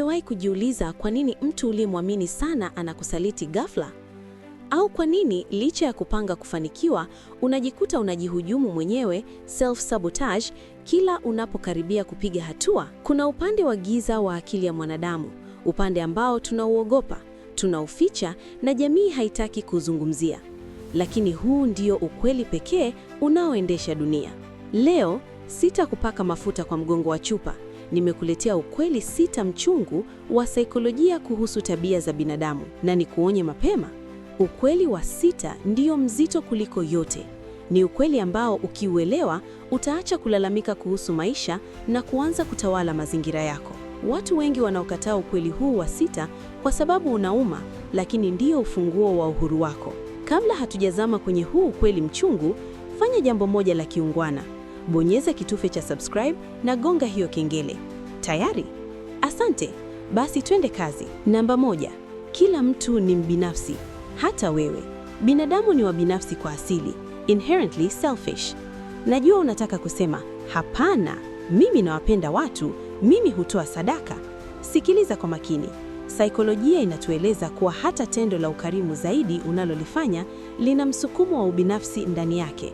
Umewahi kujiuliza kwa nini mtu uliyemwamini sana anakusaliti ghafla? Au kwa nini licha ya kupanga kufanikiwa unajikuta unajihujumu mwenyewe, self sabotage, kila unapokaribia kupiga hatua? Kuna upande wa giza wa akili ya mwanadamu, upande ambao tunauogopa, tunauficha na jamii haitaki kuzungumzia, lakini huu ndio ukweli pekee unaoendesha dunia. Leo sitakupaka mafuta kwa mgongo wa chupa nimekuletea ukweli sita mchungu wa saikolojia kuhusu tabia za binadamu, na nikuonye mapema, ukweli wa sita ndiyo mzito kuliko yote. Ni ukweli ambao ukiuelewa utaacha kulalamika kuhusu maisha na kuanza kutawala mazingira yako. Watu wengi wanaokataa ukweli huu wa sita kwa sababu unauma, lakini ndio ufunguo wa uhuru wako. Kabla hatujazama kwenye huu ukweli mchungu, fanya jambo moja la kiungwana bonyeza kitufe cha subscribe na gonga hiyo kengele. Tayari? Asante. Basi twende kazi. Namba moja, kila mtu ni mbinafsi, hata wewe. Binadamu ni wabinafsi kwa asili, inherently selfish. Najua unataka kusema hapana, mimi nawapenda watu, mimi hutoa sadaka. Sikiliza kwa makini. Saikolojia inatueleza kuwa hata tendo la ukarimu zaidi unalolifanya lina msukumo wa ubinafsi ndani yake.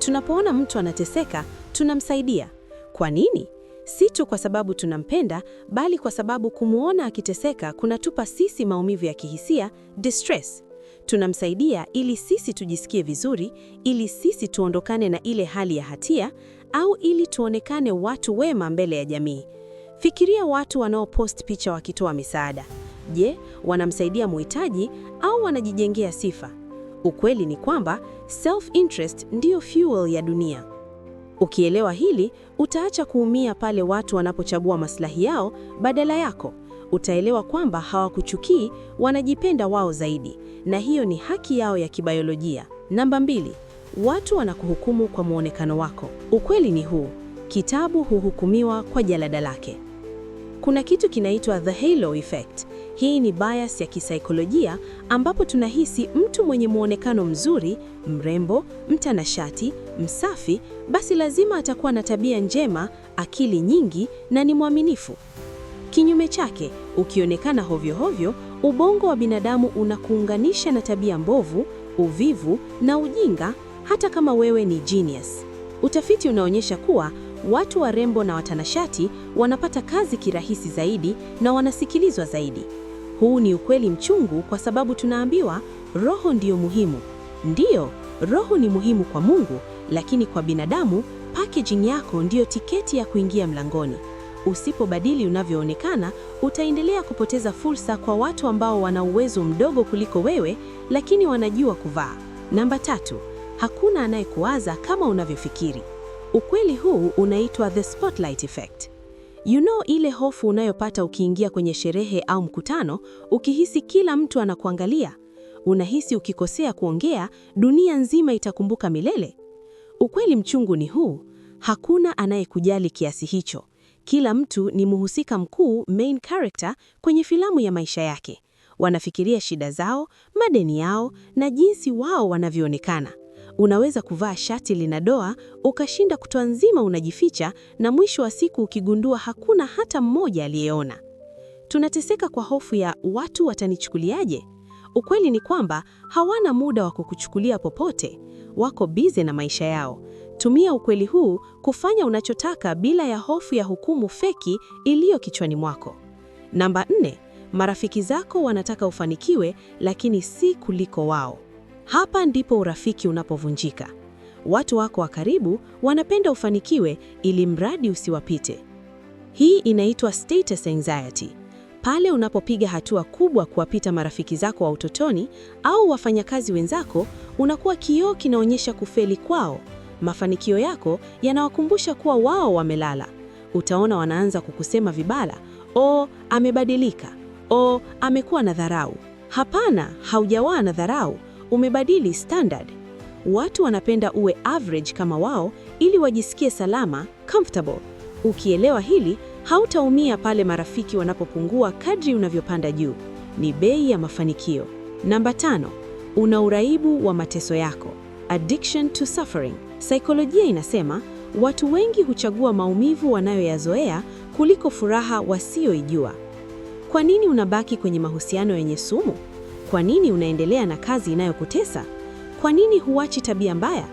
Tunapoona mtu anateseka, tunamsaidia. Kwa nini? Si tu kwa sababu tunampenda, bali kwa sababu kumwona akiteseka kunatupa sisi maumivu ya kihisia, distress. Tunamsaidia ili sisi tujisikie vizuri, ili sisi tuondokane na ile hali ya hatia, au ili tuonekane watu wema mbele ya jamii. Fikiria watu wanaopost picha wakitoa misaada. Je, wanamsaidia muhitaji au wanajijengea sifa? Ukweli ni kwamba self interest ndiyo fuel ya dunia. Ukielewa hili, utaacha kuumia pale watu wanapochagua maslahi yao badala yako. Utaelewa kwamba hawakuchukii, wanajipenda wao zaidi, na hiyo ni haki yao ya kibayolojia. Namba mbili, watu wanakuhukumu kwa muonekano wako. Ukweli ni huu, kitabu huhukumiwa kwa jalada lake. Kuna kitu kinaitwa the halo effect, hii ni bias ya kisaikolojia ambapo tunahisi mtu mwenye muonekano mzuri, mrembo, mtanashati, msafi, basi lazima atakuwa na tabia njema, akili nyingi na ni mwaminifu. Kinyume chake, ukionekana hovyo hovyo, ubongo wa binadamu unakuunganisha na tabia mbovu, uvivu na ujinga, hata kama wewe ni genius. Utafiti unaonyesha kuwa watu warembo na watanashati wanapata kazi kirahisi zaidi na wanasikilizwa zaidi. Huu ni ukweli mchungu kwa sababu tunaambiwa roho ndiyo muhimu. Ndiyo, roho ni muhimu kwa Mungu, lakini kwa binadamu packaging yako ndiyo tiketi ya kuingia mlangoni. Usipobadili unavyoonekana, utaendelea kupoteza fursa kwa watu ambao wana uwezo mdogo kuliko wewe, lakini wanajua kuvaa. Namba tatu, hakuna anayekuwaza kama unavyofikiri. Ukweli huu unaitwa the spotlight effect. You know ile hofu unayopata ukiingia kwenye sherehe au mkutano, ukihisi kila mtu anakuangalia, unahisi ukikosea kuongea, dunia nzima itakumbuka milele. Ukweli mchungu ni huu, hakuna anayekujali kiasi hicho. Kila mtu ni mhusika mkuu, main character kwenye filamu ya maisha yake. Wanafikiria shida zao, madeni yao na jinsi wao wanavyoonekana. Unaweza kuvaa shati lina doa ukashinda kutwa nzima unajificha, na mwisho wa siku ukigundua hakuna hata mmoja aliyeona. Tunateseka kwa hofu ya watu watanichukuliaje? Ukweli ni kwamba hawana muda wa kukuchukulia popote, wako bize na maisha yao. Tumia ukweli huu kufanya unachotaka bila ya hofu ya hukumu feki iliyo kichwani mwako. Namba nne, marafiki zako wanataka ufanikiwe, lakini si kuliko wao. Hapa ndipo urafiki unapovunjika. Watu wako wa karibu wanapenda ufanikiwe ili mradi usiwapite. Hii inaitwa status anxiety. Pale unapopiga hatua kubwa kuwapita marafiki zako wa utotoni au wafanyakazi wenzako, unakuwa kioo kinaonyesha kufeli kwao. Mafanikio yako yanawakumbusha kuwa wao wamelala. Utaona wanaanza kukusema vibala, o, amebadilika, o, amekuwa na dharau. Hapana, haujawaa na dharau umebadili standard. Watu wanapenda uwe average kama wao ili wajisikie salama, comfortable. Ukielewa hili, hautaumia pale marafiki wanapopungua kadri unavyopanda juu. Ni bei ya mafanikio. Namba tano, una uraibu wa mateso yako, addiction to suffering. Saikolojia inasema watu wengi huchagua maumivu wanayoyazoea kuliko furaha wasioijua. Kwa nini unabaki kwenye mahusiano yenye sumu? Kwa nini unaendelea na kazi inayokutesa? Kwa nini huachi tabia mbaya?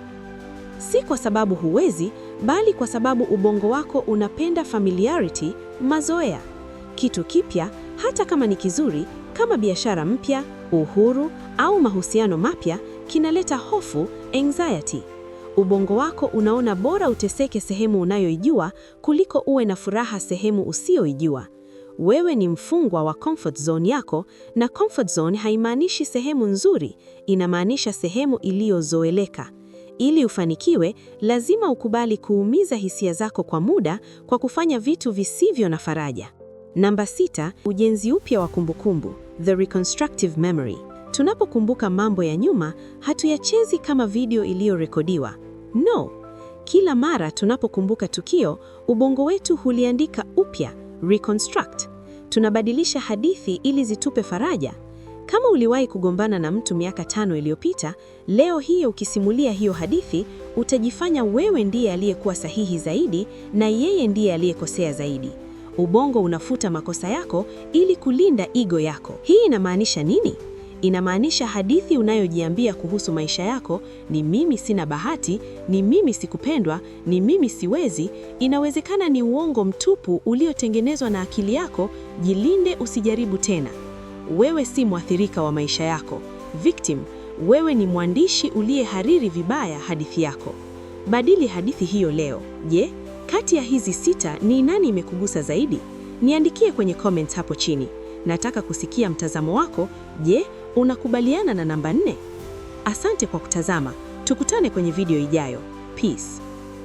Si kwa sababu huwezi, bali kwa sababu ubongo wako unapenda familiarity, mazoea. Kitu kipya, hata kama ni kizuri, kama biashara mpya, uhuru au mahusiano mapya, kinaleta hofu, anxiety. Ubongo wako unaona bora uteseke sehemu unayoijua kuliko uwe na furaha sehemu usiyoijua. Wewe ni mfungwa wa comfort zone yako, na comfort zone haimaanishi sehemu nzuri, inamaanisha sehemu iliyozoeleka. Ili ufanikiwe, lazima ukubali kuumiza hisia zako kwa muda kwa kufanya vitu visivyo na faraja. Namba sita, ujenzi upya wa kumbukumbu, the reconstructive memory. Tunapokumbuka mambo ya nyuma, hatuyachezi kama video iliyorekodiwa. No, kila mara tunapokumbuka tukio, ubongo wetu huliandika upya reconstruct. Tunabadilisha hadithi ili zitupe faraja. Kama uliwahi kugombana na mtu miaka tano iliyopita, leo hii ukisimulia hiyo hadithi, utajifanya wewe ndiye aliyekuwa sahihi zaidi na yeye ndiye aliyekosea zaidi. Ubongo unafuta makosa yako ili kulinda ego yako. Hii inamaanisha nini? Inamaanisha hadithi unayojiambia kuhusu maisha yako ni mimi sina bahati, ni mimi sikupendwa, ni mimi siwezi, inawezekana ni uongo mtupu uliotengenezwa na akili yako. Jilinde, usijaribu tena. Wewe si mwathirika wa maisha yako, victim. Wewe ni mwandishi uliyehariri vibaya hadithi yako. Badili hadithi hiyo leo. Je, kati ya hizi sita ni nani imekugusa zaidi? Niandikie kwenye comments hapo chini. Nataka kusikia mtazamo wako. Je, Unakubaliana na namba nne? Asante kwa kutazama, tukutane kwenye video ijayo. Peace.